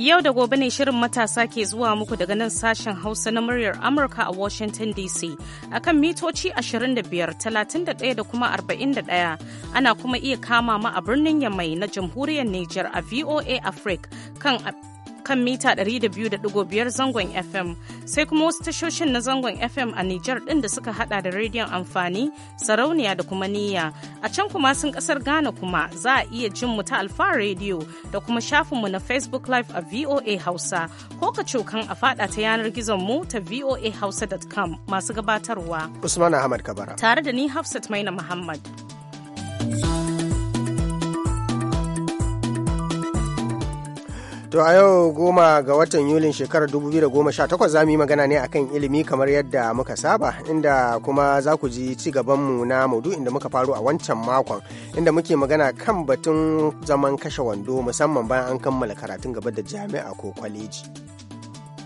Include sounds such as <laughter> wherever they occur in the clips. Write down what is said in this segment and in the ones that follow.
Yau da gobe ne shirin matasa ke zuwa muku daga nan sashen Hausa na muryar Amurka a Washington DC kan mitoci 25, 31 da kuma 41. Ana kuma iya kama ma a birnin Yamai na Jamhuriyar Nijar a VOA Africa kan kan mita 200.5 zangon FM sai kuma wasu tashoshin na zangon FM a Nijar ɗin da suka hada da rediyon amfani, sarauniya da kuma niyya. A can kuma sun ƙasar Ghana kuma za a iya jin mu ta Alfa Radio da kuma shafin mu na Facebook Live a VOA Hausa ko ka cokan a fada ta yanar gizon mu ta voahausa.com masu gabatarwa. Usman Ahmad Kabara. Tare da ni Hafsat Maina Muhammad. To a yau goma ga watan Yulin shekarar 2018 za mu yi magana ne akan ilimi kamar yadda muka saba inda kuma za ku ji ci mu na maudu inda muka faru a wancan makon inda muke magana kan batun zaman kashe wando musamman bayan an kammala karatun gaba da jami'a ko kwaleji.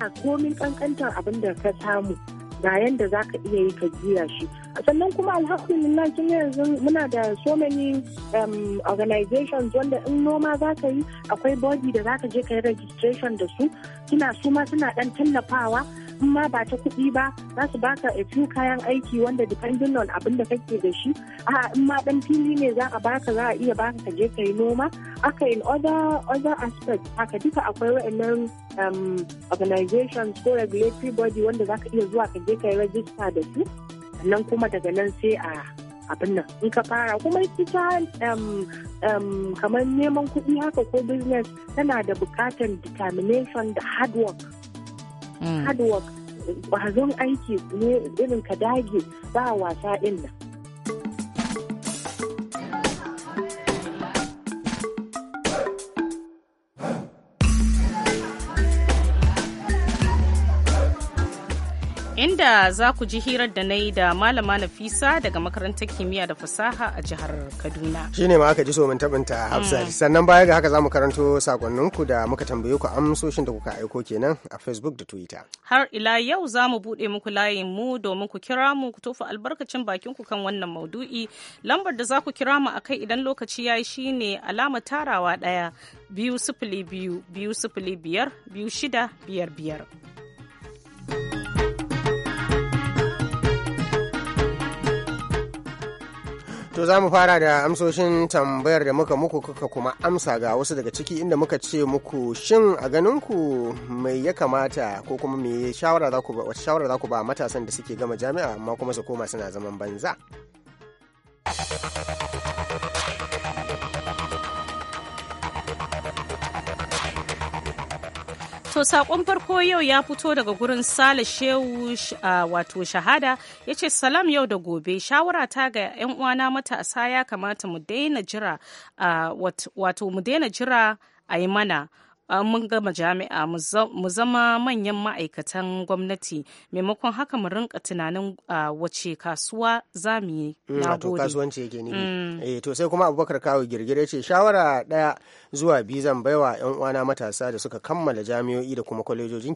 A komin kankantar abin da ka samu ga yanda za ka iya yi ka jiya shi a sannan kuma alhamdulillah kin yanzu muna da so many um, organizations wanda in noma za ka yi akwai body da za ka je ka yi registration da su suna su suna dan tallafawa in ma ba ta kuɗi ba za su baka a few kayan aiki wanda depending on abin da kake da shi a in ma dan fili ne za a baka za a iya baka ka je kai noma aka in other other aspects haka duka akwai wa'annan um, organizations ko regulatory body wanda za ka iya zuwa ka je kai rajista da su nan kuma daga nan sai a abin nan in ka fara kuma ita um, um, kamar neman kuɗi haka ko business tana da bukatar determination da hard work Mm. haɗuwa work ƙwazon aiki ne irin ka dage ba wasa ɗin nan inda za ku ji hirar da na yi da malama Nafisa daga makarantar kimiyya da fasaha a jihar Kaduna. Shi ne ma aka ji so mun tabinta Hafsat. Mm. Sannan baya ga haka za mu karanto sakonninku da muka tambaye ku amsoshin da kuka aiko kenan a Facebook da Twitter. Har ila yau za mu buɗe muku layin mu domin ku kira mu ku tofa albarkacin bakin ku kan wannan maudu'i. Lambar da za ku kira mu akai idan lokaci ya yi shine alama tarawa ɗaya biyu sifili biyu biyu sifili biyar biyu shida biyar biyar. To za mu fara da amsoshin tambayar da muka muku kuka kuma amsa ga wasu daga ciki inda muka ce muku shin a ganinku mai ya kamata ko kuma me shawara za ku ba wata shawara za ku ba matasan da suke gama jami'a amma kuma su koma suna zaman banza. To sakon farko yau ya fito daga gurin Sale Shehu wato shahada ya ce salam yau da gobe shawara ta ga 'yan uwana matasa ya kamata wato mu daina jira a yi mana mun gama jami'a mu zama manyan ma'aikatan gwamnati maimakon haka mu rinka tunanin wace kasuwa za mu yi mm, na to kasuwanci yake ne mm. eh, to sai kuma abubakar kawo girgire ce shawara daya zuwa biyu zan baiwa yan uwana matasa da suka kammala jami'o'i da kuma kwalejojin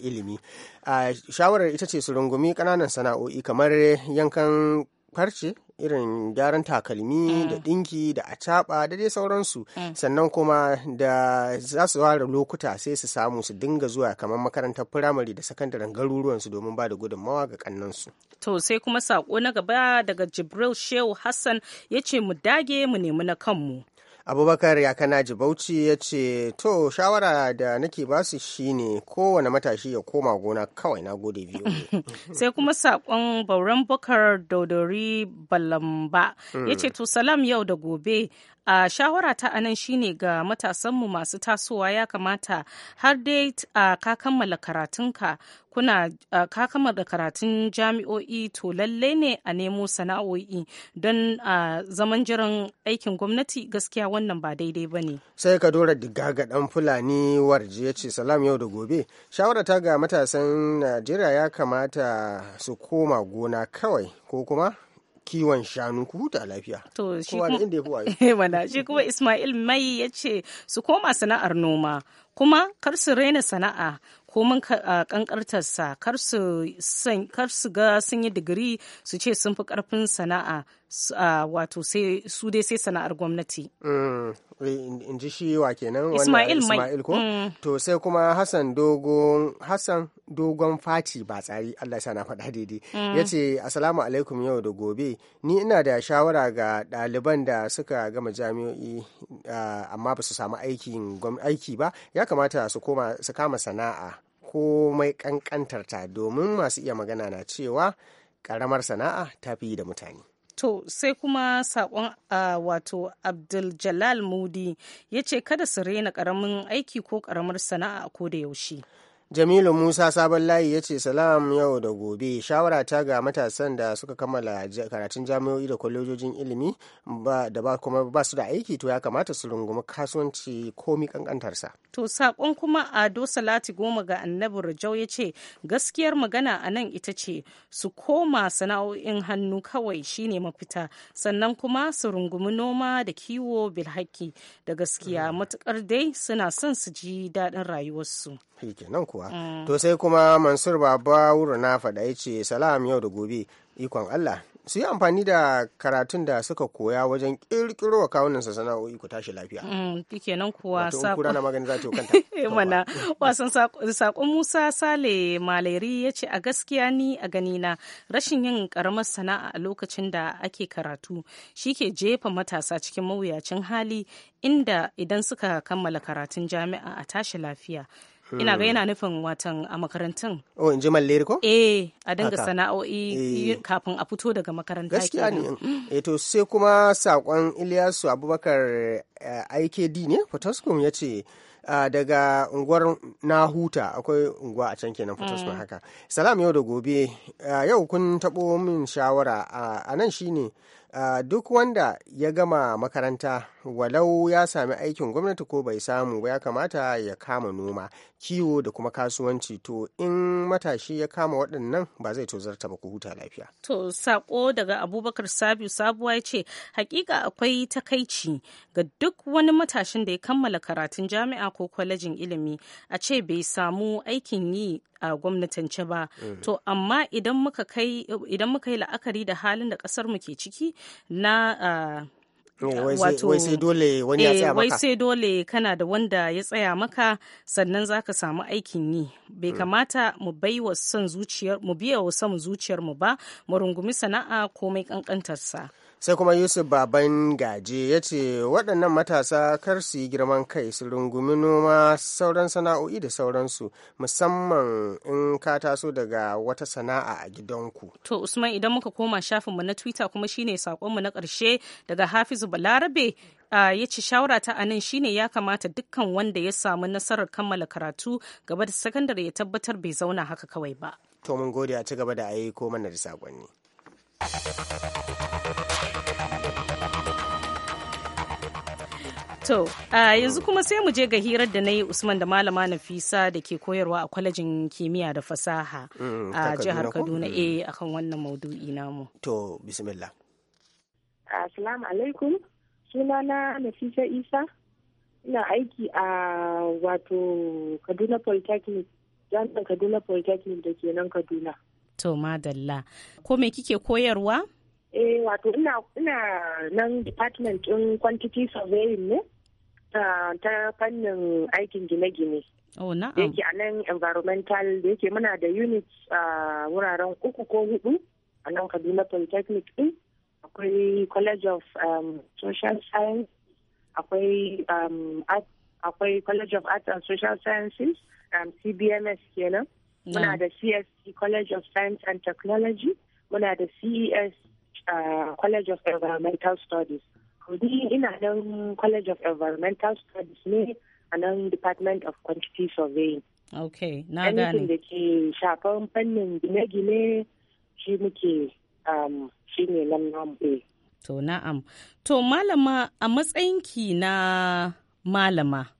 ilimi shawarar ita ce su rungumi kananan sana'o'i kamar yankan farce irin gyaran takalmi da dinki mm. da acaɓa da dai sauransu mm. sannan kuma da za su ware lokuta sai su samu su dinga zuwa kamar makarantar firamare da sakandaren garuruwansu domin ba da gudunmawa ga kannansu. To sai kuma saƙo na gaba daga Jibril Shehu Hassan ya ce mu dage mu nemi na kanmu. abubakar yakanaji bauchi ya ce to shawara da nake basu shine kowane matashi ya koma gona kawai na gode biyu <laughs> sai kuma sakon bauran bukar daudari balamba ya ce to salam yau da gobe a shawara ta anan shine ga matasanmu masu tasowa ya kamata har dai ka kammala karatunka kuna ka kammala karatun jami'o'i to lalle ne a nemo sana'o'i don a zaman jiran aikin gwamnati gaskiya wannan ba daidai ba ne sai ka dora diga ga dan fulani warje ya ce salam yau da gobe shawara ta ga matasan najeriya ya kamata su koma gona kawai ko kuma kiwon shanu ku huta lafiya to shi kuma inda ya wala <laughs> eh, shi kuma Ismail Mai ya ce su koma sana'ar noma kuma kar su raina sana'a komin kankartarsa kar su ga sun yi digiri su ce sun fi karfin sana'a wato su dai sai sana'ar gwamnati. Mm, eh, in ji shi wa kenan Ismail Ismail ko? Mm. To sai kuma Hassan dogon Hassan dogon faci ba tsari Allah sana faɗa daidai. Mm. Ya ce asalamu alaikum yau da gobe ni ina da shawara ga ɗaliban da suka gama jami'o'i amma ba su samu aiki ba ya kamata su su kama sana'a komai kankantarta domin masu iya magana na cewa karamar sana'a ta fi da mutane to sai kuma sakon uh, wato abdul mudi ya ce kada su rena karamin aiki ko karamar sana'a ko da yaushe Jamilu Musa Sabon Layi ya ce salam yau da gobe shawara ta ga matasan da suka kammala karatun jami'o'i da kwalejojin ilimi da ba kuma ba su da aiki to ya kamata su rungumi kasuwanci komi kankantarsa. To sakon kuma Ado Salati Goma ga Annabi Rajau ya ce gaskiyar magana a nan ita ce su koma sana'o'in hannu kawai shine mafita sannan kuma su rungumi noma da kiwo bilhaki da gaskiya mm. matukar dai suna son su ji daɗin rayuwarsu. Kenan kuwa mm. to sai kuma mansur baba wuri na faɗa ya ce salam yau da gobe ikon allah su yi amfani da karatun da suka koya wajen kirkiro wa kawuninsa sana'o'i ku tashi lafiya. Mm, kenan kuwa magani za ta kanta. <laughs> Eh, wasan sakon Musa Sale maleri ya ce a gaskiya ni a ganina rashin yin ƙaramar sana'a a lokacin da ake karatu shi ke jefa matasa cikin mawuyacin hali inda idan suka kammala karatun jami'a a tashi lafiya. ina ga mm. yana nufin watan a makarantun oh in ji malleri ko eh a dinga sana'o'i eh. kafin a fito daga makaranta gaskiya ne mm. eh to sai kuma sakon iliyasu Abubakar IKD eh, ne Potoskum ya ce ah, daga unguwar nahuta akwai unguwa a can kenan fotosman mm. haka salam yau da gobe ah, yau kun taɓo min shawara ah, a nan shine Uh, duk wanda ya gama makaranta walau ya sami aikin gwamnati ko bai samu ba ya kamata ya kama noma kiwo da kuma kasuwanci to in matashi ya kama waɗannan ba zai tozarta ba ku huta lafiya to sako daga abubakar sabiu sabuwa ya ce hakika akwai takaici ga duk wani matashin da ya kammala karatun jami'a ko kwalejin ilimi a ce bai samu aikin yi a gwamnatance ba mm. to amma idan muka kai idan yi la'akari da halin da kasar mu ke ciki na mm, wai sai dole wani ya eh, tsaya maka wai sai dole kana da wanda ya tsaya maka sannan zaka samu aikin yi bai mm. kamata mu baiwa son zuciyar mu biya wa son zuciyar mu ba mu rungumi sana'a komai kankantarsa sai kuma yusuf baban gaje ya ce waɗannan matasa kar su yi girman kai su rungumi noma sauran sana'o'i da sauransu musamman in ka taso daga wata sana'a a gidanku to usman idan muka koma shafinmu na twitter kuma shine saƙonmu na ƙarshe daga hafizu balarabe Uh, ya ce shawara ta a nan shine ya kamata dukkan wanda ya samu nasarar kammala karatu gaba da sakandare ya tabbatar bai zauna haka kawai ba. To mun gode a ci gaba da aiko mana da saƙonni. To, yanzu kuma sai mu je ga hirar da na yi Usman da Malama Nafisa da ke koyarwa a kwalejin kimiyya da fasaha mm, a jihar Kaduna mm. eh akan wannan maudu'i namu. To, bismillah. Asalamu alaikum. Sunana Nafisa Isa. Ina aiki a wato Kaduna Polytechnic, jami'an Kaduna Polytechnic da ke nan Kaduna. To, madalla. Ko me kike koyarwa? Eh, wato ina nan department ɗin quantity surveying ne. ta fannin aikin gine-gine. Oh, Yake a nan environmental da yake muna da units a wuraren uku ko hudu a nan Kaduna Polytechnic din. Akwai College of um, Social Science, um, akwai College of arts and Social Sciences, um, CBMS kenan. Muna da CSC College of Science and Technology, muna da CES uh, College of Environmental Studies. Ni ina nan College of Environmental Studies ne a nan Department of Quantity Surveying. okay na gane. Anything da ke shafan fannin gine-gine shi muke um, shi ne nan namu. Eh. To na'am. To malama a matsayinki na malama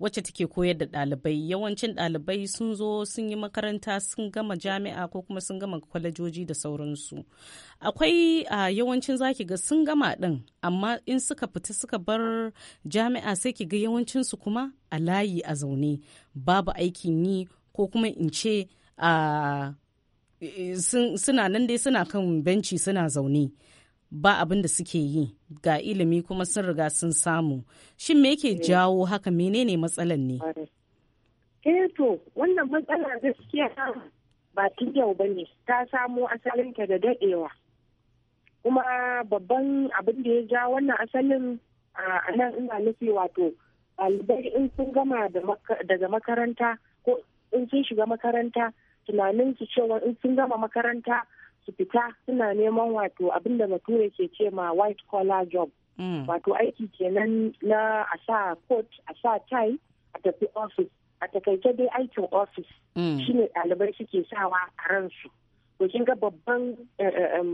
wacce take koyar da ɗalibai yawancin ɗalibai sun zo sun yi makaranta sun gama jami'a ko kuma sun gama kwalejoji da sauransu akwai a yawancin zaki ga sun gama ɗin amma in suka fita suka bar jami'a sai ki ga yawancinsu kuma a layi a zaune babu aikin yi ko kuma in ce a suna nan dai suna kan benci suna zaune ba abin da suke yi ga ilimi kuma sun riga sun samu shin me yake eh. jawo haka menene matsalan ne eh to wannan matsala gaskiya ba tun yau ba ne ta samo ta da dadewa kuma babban abin da ya ja wannan asalin a nan ina nufi wato ɗalibai in sun gama daga makaranta ko in sun shiga makaranta tunanin su cewa in sun gama makaranta su fita suna neman wato abinda da bature ke ce ma white collar job mm. wato aiki kenan na a sa coat a sa tie a tafi office a takaice dai aikin office mm. shine ɗalibai suke sawa a ransu to kin ga babban eh, eh,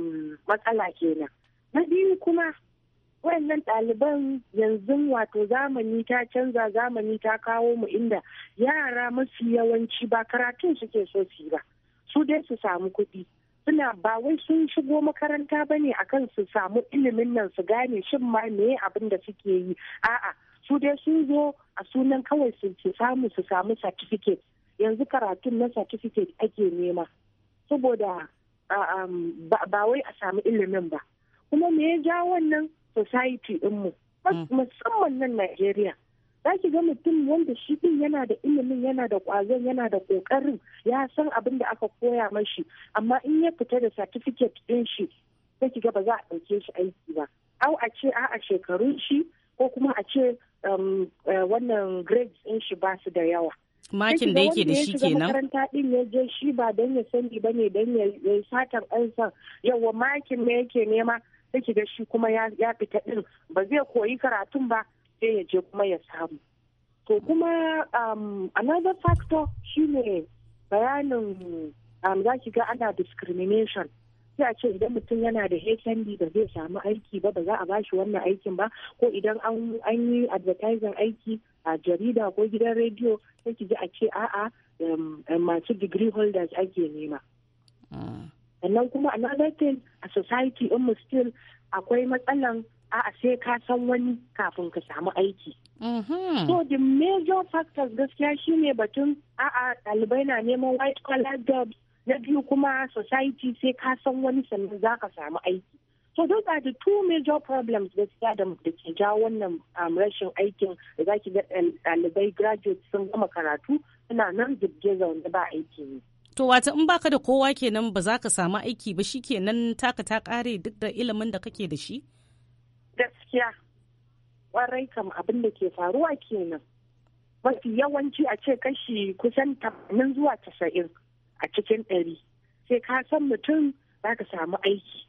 matsala kenan na biyu kuma wayannan ɗaliban yanzu wato zamani ta canza zamani ta kawo mu inda yara mafi yawanci ba karatun suke so su yi ba su dai su samu kuɗi suna ba wai sun shigo makaranta ba ne akan su samu ilimin nan su gane shin ma me abin da suke yi a'a su dai sun zo a sunan kawai su samu su samu satifiket yanzu karatun na satifiket ake nema saboda um, ba wai a samu ilimin ba kuma me ya ja wannan society dinmu mm. musamman nan Najeriya za ki ga mutum wanda shi din yana da ilimin yana da kwazon yana da kokarin ya san abin da aka koya mashi amma in ya fita da certificate din shi sai ki ga ba za a ɗauke shi aiki ba au a ce a'a shekarun shi ko kuma a ce um, eh, wannan grades din shi ba su da yawa makin da yake da shi kenan makaranta din ya je shi ba don ya sani ba ne don ya satar ansa yawa makin ne yake nema sai ki ga shi kuma ya fita din ba zai koyi karatun ba sai ya je kuma ya samu to kuma um, another factor shine bayanin um, za ki ga ana discrimination sai a ce idan mutum yana da HND ba zai samu aiki ba ba za a bashi wannan aikin ba ko idan an yi advertising aiki a jarida ko gidan rediyo sai ki ji a ce a'a um, um, masu degree holders ake nema. Mm. Sannan kuma another thing a society in mu still akwai matsalan a'a sai ka san wani kafin ka samu aiki. Mm-hmm. So the major factors gaskiya shi ne batun a'a ɗalibai na neman white collar jobs na biyu kuma society sai ka san wani sannan za ka samu aiki. So those are the two major problems gaskiya da ke jawo wannan um, rashin aikin da za ki ga ɗalibai graduate sun gama karatu suna nan jirge zaune ba aiki ne. To wata in baka da kowa kenan ba za ka samu aiki ba shi kenan taka ta kare duk da ilimin da kake da shi? gaskiya kwarai kam abin da ke faruwa kenan mafi yawanci a ce kashi kusan tamanin zuwa casa'in a cikin ɗari sai ka san mutum za ka samu aiki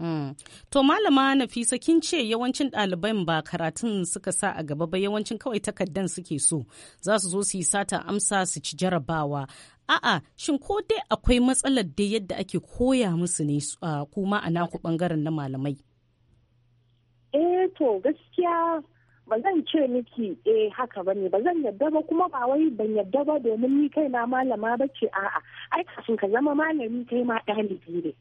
hmm. To malama Nafisa kin ce yawancin ɗaliban ba karatun suka sa a gaba ba yawancin kawai takardan suke so za su zo su yi sata amsa su ci jarabawa. A'a shin ko dai akwai matsalar dai yadda ake koya musu ne ah, kuma a naku ɓangaren na malamai? eh to gaskiya ba zan ce miki eh haka ba ne ba zan yadda ba kuma ba wai ban yadda ba domin ni kai na malama ba ce a'a ai kafin ka zama malami kai ma ɗalibi ne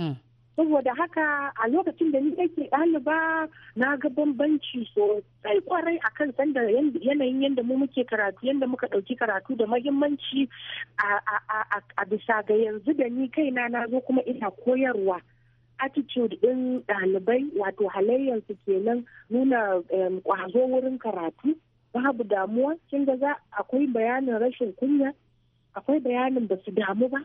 mm. saboda haka a lokacin da ni yake ɗaliba na ga bambanci sosai kwarai a kan sanda yanayin yadda mu muke karatu yadda muka ɗauki karatu da mahimmanci a bisa ga yanzu da ni kaina na zo kuma ina koyarwa attitude ɗin ɗalibai wato halayyarsu kenan nuna ƙwazo wurin karatu babu damuwa kin ga za akwai bayanin rashin kunya akwai bayanin ba su damu ba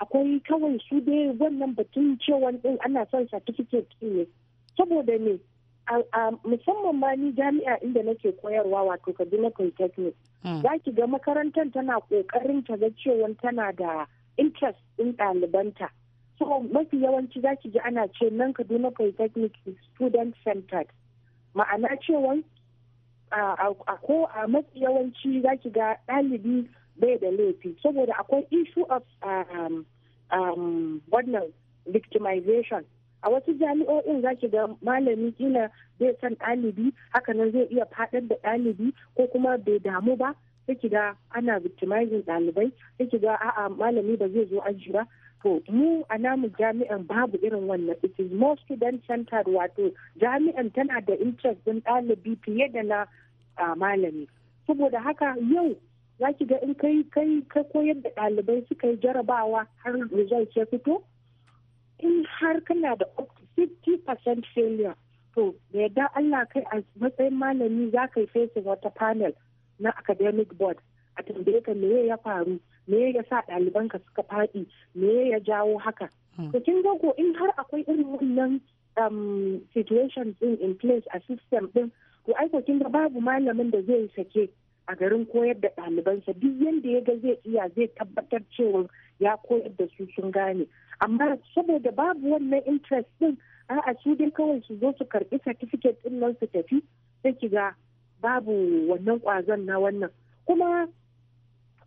akwai kawai su dai wannan batun cewan ɗin ana son certificate ne saboda ne musamman ma ni jami'a inda nake koyarwa wato kaduna polytechnic hmm. za ki ga makarantar tana kokarin ta ga cewa tana da interest ɗin ɗalibanta so mafi yawanci za ki ji ana ce nan kaduna polytechnic is student centered ma'ana cewa a ko a mafi yawanci za ki ga ɗalibi bai da laifi saboda akwai issue of um, um, wannan victimization a wasu jami'o'in za ki ga malami kila zai san ɗalibi hakanan zai iya faɗar da ɗalibi ko kuma bai damu ba sai ki ga ana victimizing ɗalibai sai ki ga a'a malami ba zai zo aji ba To mu a namu jami'an babu irin wannan it is more student centered wato jami'an tana da interest din ɗalibi fiye da na ah, malami. Saboda haka yau za ki ga in kai kai ka koyar da ɗalibai suka yi jarabawa har result ya fito in har kana da 50% failure to da yadda Allah kai a matsayin malami za ka yi fesin wata panel na academic board a tambaye ka me ya faru me ya sa ɗalibanka suka faɗi me ya jawo haka hmm. to kin ga ko in har akwai irin wannan um, situation din in place a system din to ko kin ga babu malamin da zai sake a garin koyar da ɗalibansa duk yanda ya ga zai iya zai tabbatar cewa ya koyar da su sun gane amma saboda babu wannan interest din a su dai kawai su zo su karbi certificate din nan su tafi sai ki ga babu wannan kwazon na wannan kuma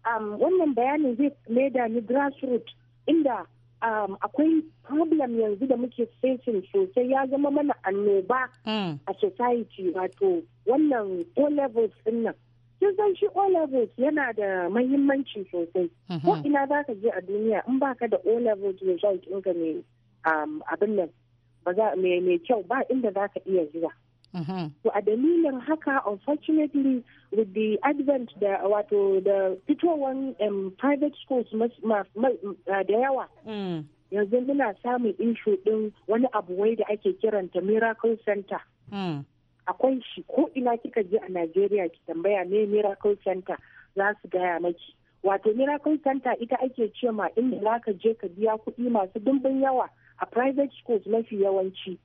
Um, wannan bayanin zai leda ni grassroots inda um, akwai problem yanzu da muke facing sosai ya zama mana annoba hmm. a society wato wannan o levels din nan kin san shi o levels yana da mahimmanci sosai hmm. ko ina za ka je a duniya in baka da o levels result ɗinka ne um, abin nan ba za mai kyau ba inda za ka iya zuwa Mm-hmm. To a dalilin haka unfortunately with the advent da wato da fitowar um, private schools da yawa. Mm. Yanzu muna samun inshu ɗin wani abu wai da ake kiranta miracle center. Mm. Akwai shi ko ina kika je a Najeriya ki tambaya ne miracle center za su gaya maki. Wato miracle center ita ake ce ma inda za ka je ka biya kuɗi masu dimbin yawa a private schools mafi yawanci.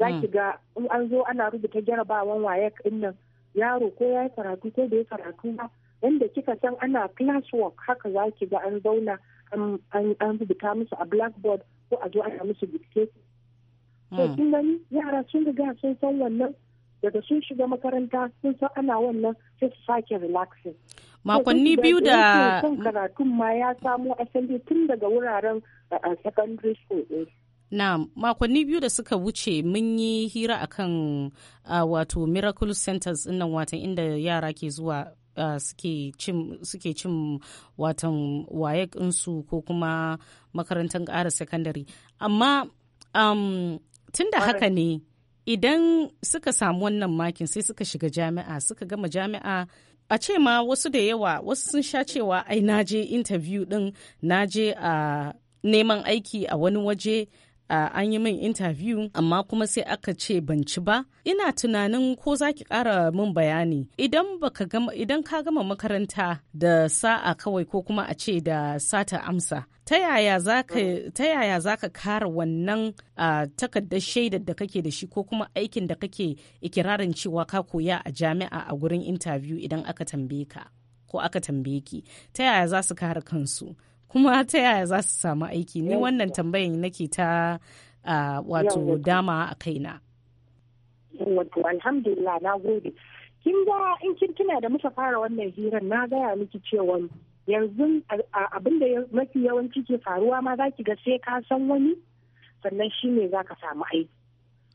za mm. ki ga in an zo ana rubuta jarabawan waye din nan yaro ko ya yi karatu ko bai karatu ba wanda kika san ana classwork haka za ki ga an zauna an rubuta musu a blackboard ko a zo ana musu dictation to mm. kin gani yara sun riga sun san wannan daga sun shiga makaranta sun san ana wannan sai su sake relaxing makonni biyu da mm. karatun ma ya samo asali tun daga wuraren uh, secondary school na makonni biyu da suka wuce mun yi hira a kan wato miracle centers nan watan inda yara ke zuwa Uh, suke cin watan wayek insu ko kuma makarantar ƙara secondary. amma um, tun da haka ne idan suka samu wannan makin sai suka shiga jami'a suka gama jami'a a ce ma wasu da yawa wasu sun sha cewa ai naje je interview din na je a neman aiki a wani waje an yi min interview amma kuma sai aka ce ban ci ba ina tunanin ko za ki ƙara min bayani idan baka gama idan ka gama makaranta da sa'a kawai ko kuma a ce da sata amsa ta yaya za ka kara wannan takardar shaidar da kake da shi ko kuma aikin da kake ikirarin cewa ka koya a jami'a a gurin interview idan aka tambaye ka ko aka tambaye ki ta yaya za su kare kansu kuma ta yaya za su samu aiki ni wannan tambayin nake ta wato dama a kaina wato alhamdulillah na gode kin ga in kin tuna da muka fara wannan hirar na gaya miki cewa yanzu abin da mafi yawanci ke faruwa ma za ki ga sai ka san wani sannan shi ne za ka samu aiki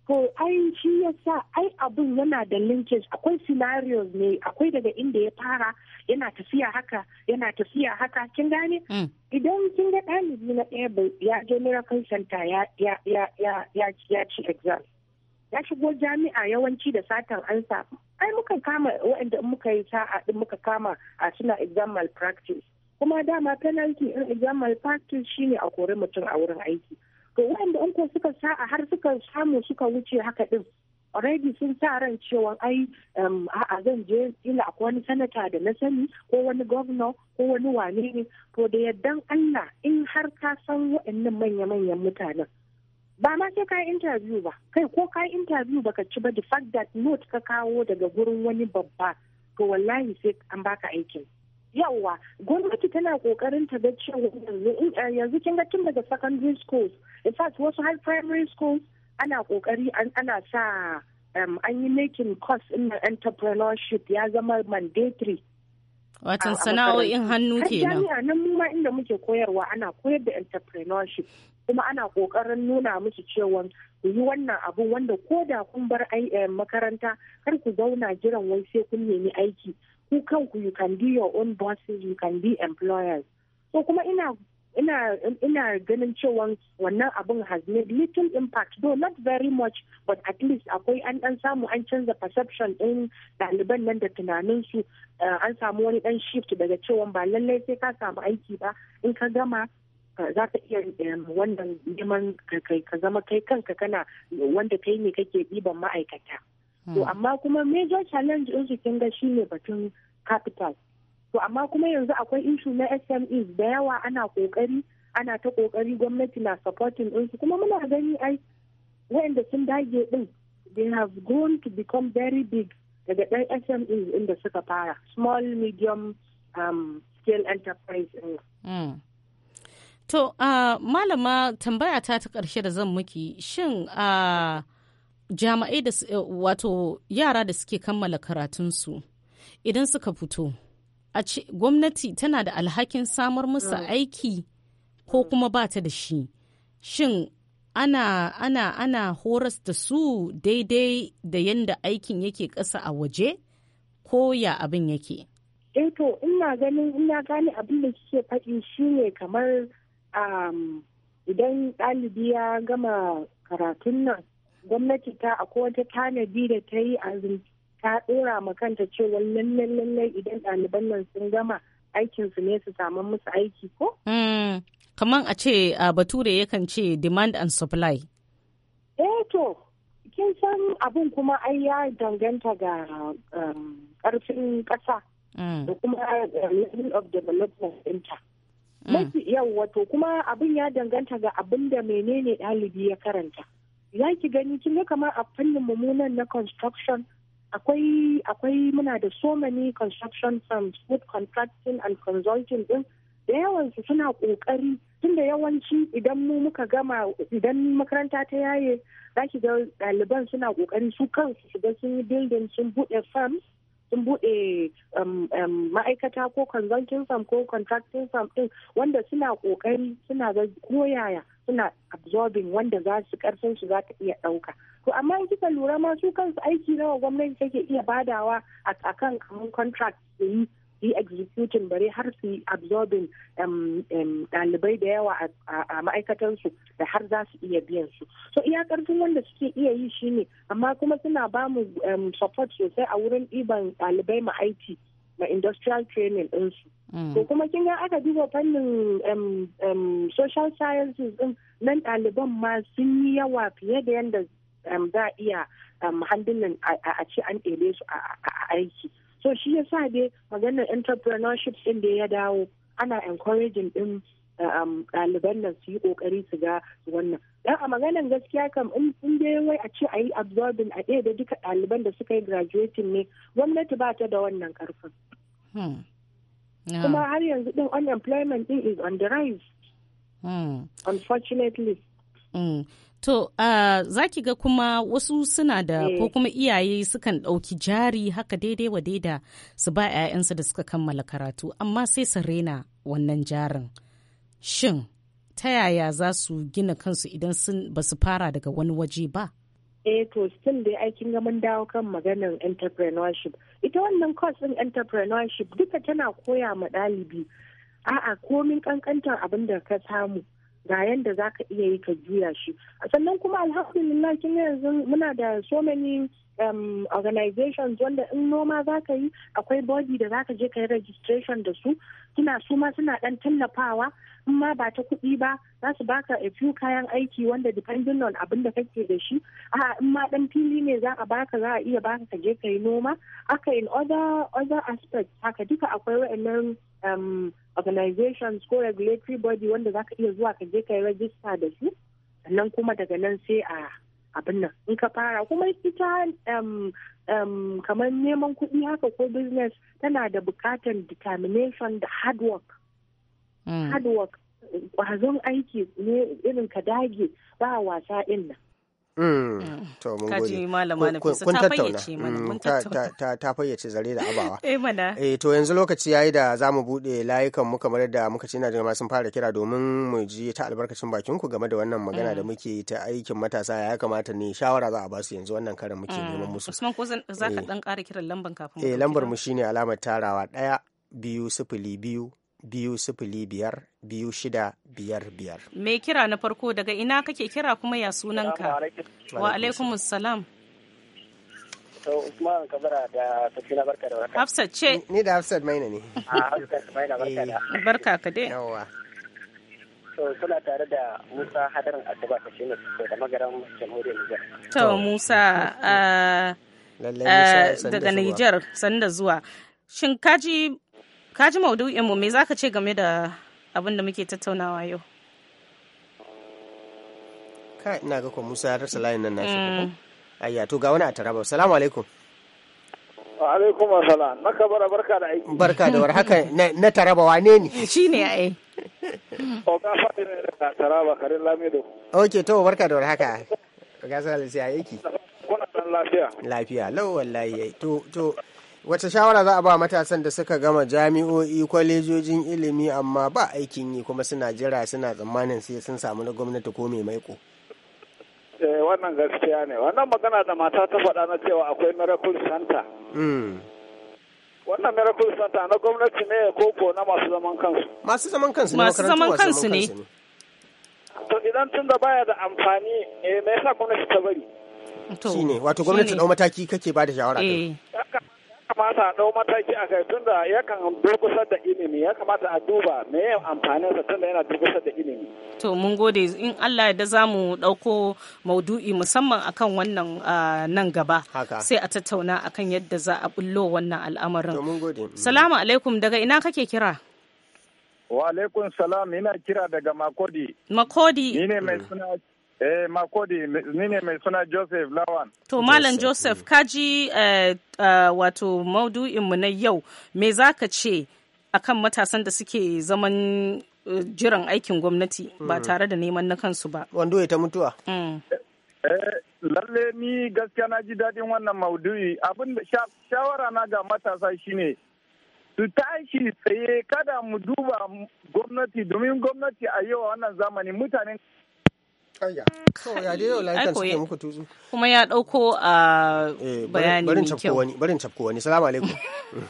To ai shi ya sa ai abun yana da linkage akwai scenarios ne akwai daga inda ya fara yana tafiya haka yana tafiya haka kin gane hmm. idan kin ga ɗalibi na ɗaya ya je miracle center ya ya ya ya ya ci exam ya shigo jami'a yawanci da satan ansa ai muka kama waɗanda muka yi sa'a din muka kama a suna exam malpractice kuma dama penalty in exam malpractice shine a kori mutum a wurin aiki to wanda uku suka sa har suka samu suka wuce haka din already sun sa ran cewa ai um, a zan je ila akwai wani sanata da na sani ko wani gwamna ko wani wane ne to da yadda Allah in har ka san waɗannan manya-manyan mutanen ba ma sai ka yi interview ba kai ko ka yi interview baka ci ba the fact that note ka kawo daga gurin wani babba to wallahi sai an baka aikin yawa gwamnati tana kokarin ta ga cewa eh, yanzu kin ga tun daga secondary schools in fact wasu har primary schools ana kokari ana sa um, an yi making course in entrepreneurship ya zama mandatory Watan sana'o'in hannu kenan. Har nan mu ma inda muke koyarwa ana koyar da entrepreneurship kuma ana kokarin nuna musu cewa ku yi wannan abu wanda ko da kun bar eh, makaranta kar ku zauna jiran wai sai kun nemi aiki ku kanku you can be your own bosses you can be employers so kuma ina ina ina ganin cewa wannan abin has made little impact though not very much but at least akwai an dan samu an canza perception din daliban nan da tunanin su eh, an samu wani dan shift daga cewa ba lallai sai ka samu aiki ba in ka gama za ka iya wannan neman ka zama kai kanka kana wanda kai ne kake ɗiban ma'aikata. to hmm. amma kuma major challenge in su kinga shi shine batun capital to amma kuma yanzu akwai issue na S_M_E. da yawa ana kokari ana ta kokari gwamnati na supporting din su kuma muna gani ai wayanda sun dage din they have grown to become very big daga ɗan S_M_E inda suka fara small medium um, scale enterprise mm. To, uh, malama tambaya ta ta ƙarshe da zan muki, shin uh, jami'ai da eh, wato yara da suke kammala karatunsu idan suka fito a ce gwamnati tana da alhakin samar musu mm. aiki ko mm. kuma ba ta da shi shin ana ana ana horas da su daidai da yadda aikin yake kasa a waje ko ya abin yake eh to ina ganin ina gane abin da kike faɗi shine kamar um, idan ɗalibi ya gama karatun nan gwamnati ta akwai wata tanadi da ta yi a ta dora ma kanta cewa lallai lallai idan ɗaliban nan sun gama aikin su ne su samu musu aiki ko? Hmm, kaman a ce a bature yakan ce demand and supply. Eh to, kin san abun kuma ai ya danganta ga karfin um, ƙasa hmm. da kuma uh, level of development ɗinta. Hmm. Mafi yau wato kuma abin ya danganta ga abin da menene ɗalibi ya karanta. za ki gani kin ga kamar a fannin mummunan na construction akwai akwai muna da so many construction firms with contracting and consulting din da yawansu suna kokari tunda yawanci idan mu muka gama idan makaranta ta yaye za ki ga ɗaliban suna kokari su kansu su ga sun yi building sun buɗe firms sun bude um, um, ma'aikata ko consulting sam ko contracting sam din wanda suna kokari suna ga koyaya suna absorbing wanda za su karfin su za ta iya dauka to amma in kika lura ma su kansu aiki nawa gwamnati take iya badawa akan kamar contract da yi executing bare har su yi absorbing um, um, ɗalibai da yawa a ma'aikatansu da har za su iya biyan su so iya karfin wanda suke iya yi shine amma kuma suna ba mu um, support sosai a wurin ɗiban ɗalibai ma aiki ma industrial training ɗinsu. Ko mm. kuma kin ga aka duba fannin social sciences din nan ɗaliban ma sun yi yawa fiye da yadda za a iya handilin a ce an ɗebe su a aiki. so shi yasa dai maganar entrepreneurship din da ya dawo ana encouraging din uh, um, ɗaliban nan su yi ƙoƙari su ga wannan dan a maganan gaskiya kam in dai wai a ce a yi absorbing a ɗaya da duka ɗaliban da suka yi graduating ne gwamnati ba ta da wannan ƙarfin hmm. kuma har yanzu ɗin unemployment ɗin is on the rise hmm. unfortunately hmm. To, uh, za ki ga kuma wasu suna da ko eh. kuma iyaye sukan ɗauki jari haka daidai wa daida su ba 'ya'yansu da suka kammala karatu, amma sai su rena wannan jarin. Shin, ta yaya za su gina kansu idan sun ba su fara daga wani waje ba? Eh to, sun dai aikin ga dawo kan maganar entrepreneurship. Ita wannan course ɗin entrepreneurship duka tana koya ma ɗalibi. A'a komin ƙanƙantar abin da ka samu. ga yanda za ka iya yi ka juya shi a sannan kuma alhamdulillah kin yanzu muna da so many um, organizations wanda in noma za ka yi akwai body da za ka je ka yi registration da su kina su ma suna dan tallafawa in ma ba ta kuɗi ba za su baka a few kayan aiki wanda depending on abin da kake da shi a in ma dan fili ne za a baka za a iya baka ka je ka yi noma aka in other other aspects haka duka akwai wa'annan Um, organizations ko regulatory body wanda za ka iya zuwa ka je kai register da su sannan kuma daga nan sai a abin nan in ka fara kuma ita um, um, kamar neman kuɗi haka ko business tana da buƙatar determination da hard work hmm. hard work ƙwazon aiki ne irin ka dage ba wasa ɗin nan Mm. Mm. to mun malama na fisa ta fayyace mana mm, mun tattauna ta fayyace zare da abawa <laughs> eh mana eh to yanzu lokaci yayi da zamu bude layukan mu kamar yadda muka ce na jin sun fara kira domin mu ji ta albarkacin bakin ku game da wannan magana da muke ta aikin matasa ya kamata ne shawara za a ba su yanzu wannan karin muke neman musu Usman ko za ka dan eh. ƙara kiran lambar kafin eh lambar mu shine alamar tarawa ɗaya biyu sifili biyu biyu sifili biyar biyu shida biyar biyar. Me kira na farko daga ina kake kira kuma ya sunanka? Wa alaikum salam. Usman da Hafsat ce. Ni Hafsat Maina ne. Ah, eh. barka ka dai. Yawwa. To Musa Hadarin da Nijar. Ah, ah, daga Nijar sanda zuwa. Shin kaji ka ji maudu'inmu me ka ce game da abin da muke tattaunawa yau ka ina ga kuma musa rasa layin nan nashi mm. ayya to ga wani a taraba Salamu alaikum wa alaikum assalam na bara barka da aiki barka da warhaka na taraba wane ne ne? <laughs> ne, ai o ka fadi ne da taraba karin lamido ok to barka da warhaka ga a aiki kuna lafiya lafiya lau wallahi to to Wace shawara za a ba matasan da suka gama jami'o'i kwalejojin ilimi amma ba aikin yi kuma suna jira suna tsammanin sai sun samu na gwamnati ko mai maiko? Eh, wannan gaskiya ne wannan magana da mata ta faɗa na cewa akwai miracle center hmm. wannan miracle center na gwamnati ne ko ko na masu zaman kansu masu zaman kansu ne masu zaman kansu ne to idan tun da baya da amfani me yasa gwamnati ta bari shine wato gwamnati ɗau mataki kake ba da shawara kamata a ɗau mataki a kai ya yakan durkusa da ilimi ya kamata a duba me ya amfanin sa da yana durkusa da ilimi. To mun gode in Allah da za mu ɗauko maudu'i musamman akan wannan nan gaba. Sai a tattauna akan yadda za a bullo wannan al'amarin. Mm. Salamu alaikum daga ina kake kira? Wa alaikum salam ina kira daga Makodi. Makodi. Ni ne mai suna Eh, Makodi, ni ne mai suna Joseph Lawan. To, Malam Joseph, mm. kaji uh, uh, wato maudu'inmu na yau, me za ka ce akan matasan da suke zaman eh, jiran aikin gwamnati ba mm. tare da neman na kansu ba? Wando ya ta mutuwa. Mm. Eh, lalle ni gaskiya na ji daɗin wannan maudu'i abin da shawara na ga matasa shine su tashi tsaye kada mu duba gwamnati domin gwamnati a yau wannan zamani mutanen kuma ya ɗauko a ah, eh, bayani barin tafko barin wani salamu alaikum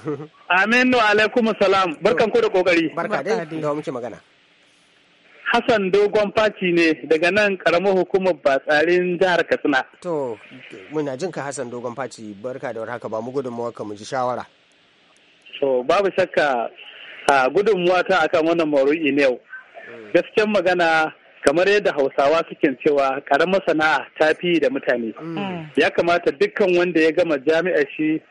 <laughs> amin wa alaikum salam barkan ku da kokari barka dai da muke magana Hassan dogon faci ne daga nan karamar hukumar batsarin jihar Katsina. To, muna jin ka Hassan dogon faci barka da warhaka ba mu gudunmuwa ka mu ji shawara. To, babu shakka a ah, gudunmuwa ta akan wannan maru'i ne yau. Eh. Gaskiyar magana kamar yadda hausawa suke cewa karamar sana'a ta fi da mutane mm. Mm. ya kamata dukkan wanda ya gama jami'ar shi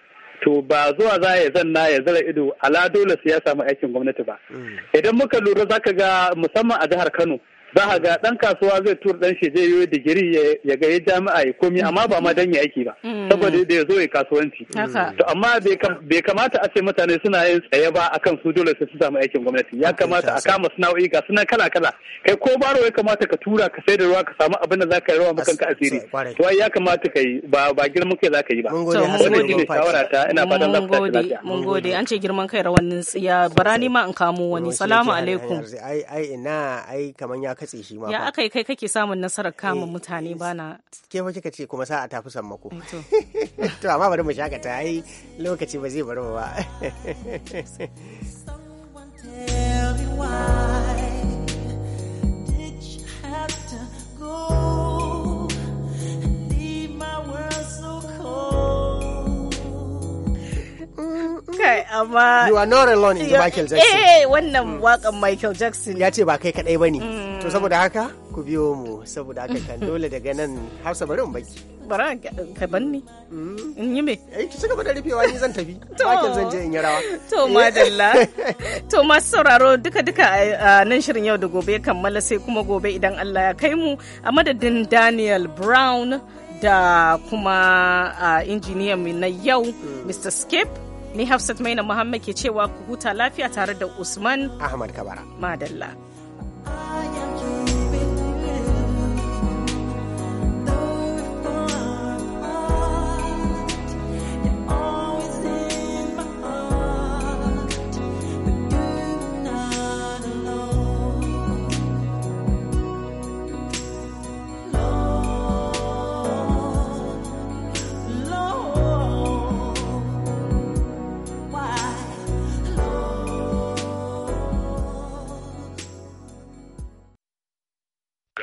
to ba zuwa za ya zanna ya zara ido ala dole su ya samu aikin gwamnati ba mm. idan muka lura zaka ga musamman a jihar kano za a ga ɗan kasuwa zai tur ɗan shi zai yi digiri ya ga jami'a ya komi amma ba ma dan ya aiki ba mm. saboda da ya zo ya kasuwanci to amma bai kamata a ce mutane suna yin tsaye ba akan su dole su samu aikin gwamnati ya kamata a kama sana'o'i ga suna kala kala kai ko baro ya kamata ka tura ka sai da ruwa ka samu abin da zaka yi rawa mukan ka asiri to ya kamata ka yi ba ba girman kai zaka yi ba wannan shine shawara ta ina fatan za ku mun gode an ce girman kai rawanin tsiya barani ma in kamo wani salamu alaikum ai ai ina ai kaman ya katse shi ma ya aka yi kai kake samun nasarar kama eh, mutane eh, bana ke fa kika ce kuma sa'a ta fi sammako <laughs> to amma bari mu shakata ai lokaci ba zai bari mu ba <laughs> kai amma you are not alone in Michael Jackson eh, eh, eh wannan hmm. wakan Michael Jackson ya ce ba kai kadai bane hmm. to saboda haka ku biyo mu saboda haka kan dole daga nan Hausa bari in baki bara ka banni hmm. in yi me eh ki cigaba da rufewa ni zan tafi <laughs> Michael zan je in yi rawa to madalla <laughs> to masu sauraro duka duka eh, nan shirin yau da gobe kammala sai kuma gobe idan Allah ya kai mu a madadin Daniel Brown da kuma ah, injiniyan mu na yau Mr. Skip Ni Hafsat Maina Muhammad ke cewa ku huta lafiya tare da Usman Ahmad Kabara. Madalla.